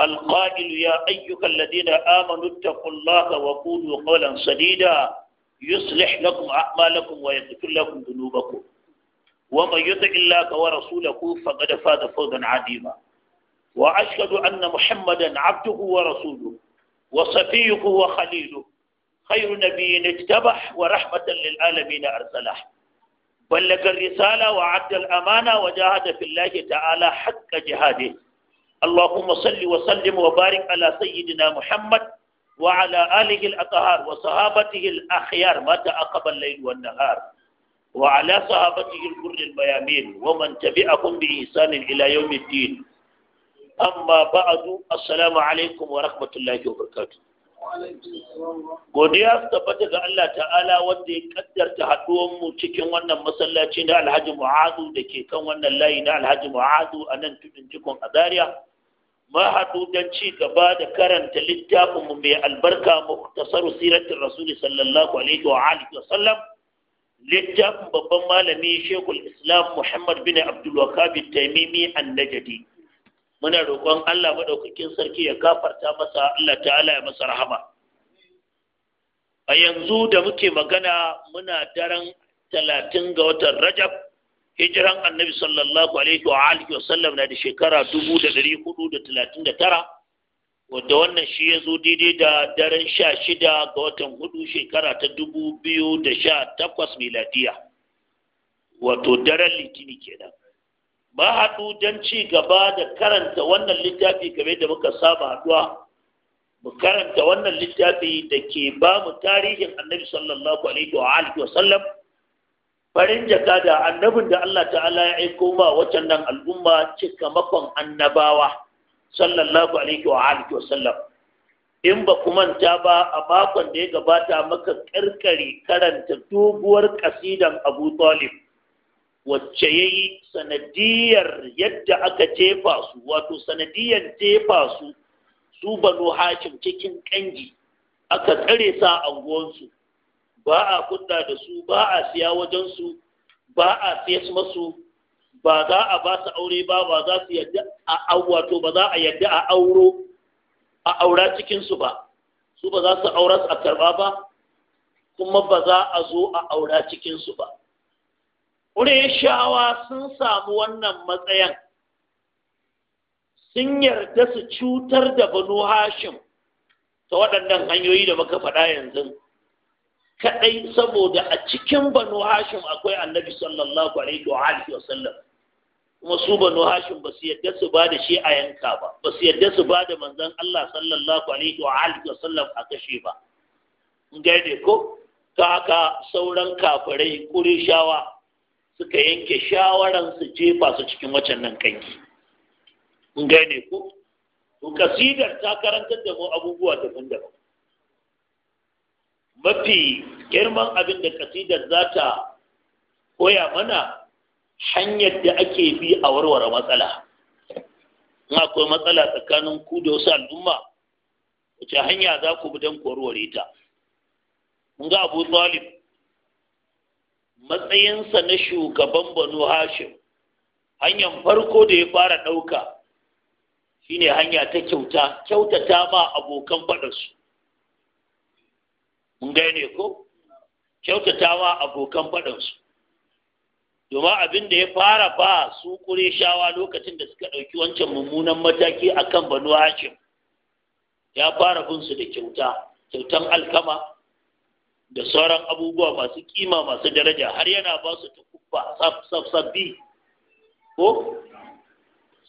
القائل يا أيها الذين آمنوا اتقوا الله وقولوا قولا سديدا يصلح لكم أعمالكم ويغفر لكم ذنوبكم ومن يطع الله ورسوله فقد فاز فوزا عظيما وأشهد أن محمدا عبده ورسوله وصفيه وخليله خير نبي اجتبح ورحمة للعالمين أرسله بلغ الرسالة وعد الأمانة وجاهد في الله تعالى حق جهاده اللهم صل وسلم وبارك على سيدنا محمد وعلى آله الأطهار وصحابته الأخيار ما تعاقب الليل والنهار وعلى صحابته الكر الميامين ومن تبعهم بإحسان إلى يوم الدين أما بعد السلام عليكم ورحمة الله وبركاته godiya su ga Allah ta'ala wanda ya kaddarta haduwan mu cikin wannan masallaci na Alhaji Mu'adu da ke kan wannan layi na Alhaji Mu'adu a nan tudun jikon Azariya ma haɗu don ci gaba da karanta littafin mu mai albarka muktasaru siratin rasuli sallallahu alaihi wa alihi wa sallam littafin babban malami Sheikhul Islam Muhammad bin Abdul Wahhab Taimimi An-Najdi muna roƙon Allah maɗaukakin sarki ya gafarta masa Allah ta'ala ya masa rahama a yanzu da muke magana muna daren talatin ga watan rajab hijiran annabi sallallahu alaihi wa alihi wa sallam na da shekara dubu da ɗari hudu da talatin da tara wadda wannan shi ya zo daidai da daren sha shida ga watan hudu shekara ta dubu biyu da sha takwas miladiya wato daren litini kenan ba haɗu don ci gaba da karanta wannan littafi game da muka saba haɗuwa mu karanta wannan littafi da ke ba mu tarihin annabi sallallahu alaihi wa alihi wasallam farin jaka da annabin da Allah ta'ala ya aiko ba wacan nan al'umma cika makon annabawa sallallahu alaihi wa alihi wasallam in ba ku manta ba a makon da ya gabata maka karkare karanta dubuwar kasidan Abu Talib wacce ya yi sanadiyar yadda aka jefa su wato sanadiyar jefa su su banu hashim cikin kangi aka tsare sa anguwansu ba a kudda da su ba a siya wajensu ba a siya masu ba za a ba su aure ba ba za su yadda a wato ba za a yadda a auro a aura cikinsu ba su ba za su aura su a karba ba kuma ba za a zo a aura cikinsu ba ƙureshawa sun samu wannan matsayin sun yarda su cutar da banu hashim ta waɗannan hanyoyi da muka faɗa yanzu kaɗai saboda a cikin banu hashim akwai annabi sallallahu alaihi wa wa sallam kuma su banu hashim ba su yarda su ba da shi a yanka ba ba su yarda su ba da manzan Allah sallallahu alaihi wa wa sallam a kashe ba gaide ko ta haka sauran kafirai kurishawa suka yanke shawarar su jefa su cikin wacan nan kanki kun gane ku. to kasidar ta karantar da mu abubuwa daban-daban mafi girman abin da kasidar za ta koya mana hanyar da ake bi a warware matsala in akwai matsala tsakanin ku da wasu al'umma wace hanya za ku bi don ku warware ta mun ga abu talib matsayinsa na shugaban banu hashim hanyar farko da ya fara ɗauka shine hanya ta kyauta kyautata ma abokan faɗarsu mun gane ko kyautata ma abokan faɗarsu domin abin da ya fara ba su ƙure shawa lokacin da suka ɗauki wancan mummunan mataki akan banu hashim ya fara bin su da kyauta kyautan alkama da sauran abubuwa masu kima masu daraja har yana ba su tukubba sabbi ko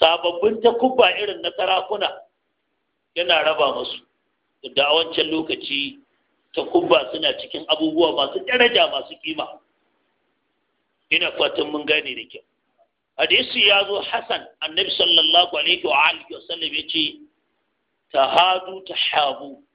sababbin takubba irin na sarakuna yana raba masu da a wancan lokaci takubba suna cikin abubuwa masu daraja masu kima ina fatan mun gane da kyau hadisi ya zo hasan annabi sallallahu alaihi wa alihi wa sallam ya ce tahadu tahabu